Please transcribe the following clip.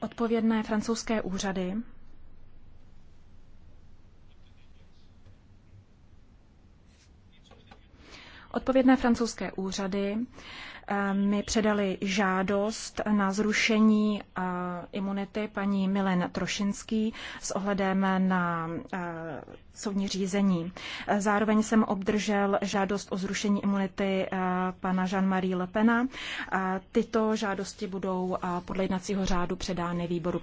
odpovědné francouzské úřady Odpovědné francouzské úřady eh, mi předali žádost na zrušení eh, imunity paní Milen Trošinský s ohledem na eh, soudní řízení. Zároveň jsem obdržel žádost o zrušení imunity pana Jean-Marie Le Pena. Tyto žádosti budou podle jednacího řádu předány výboru.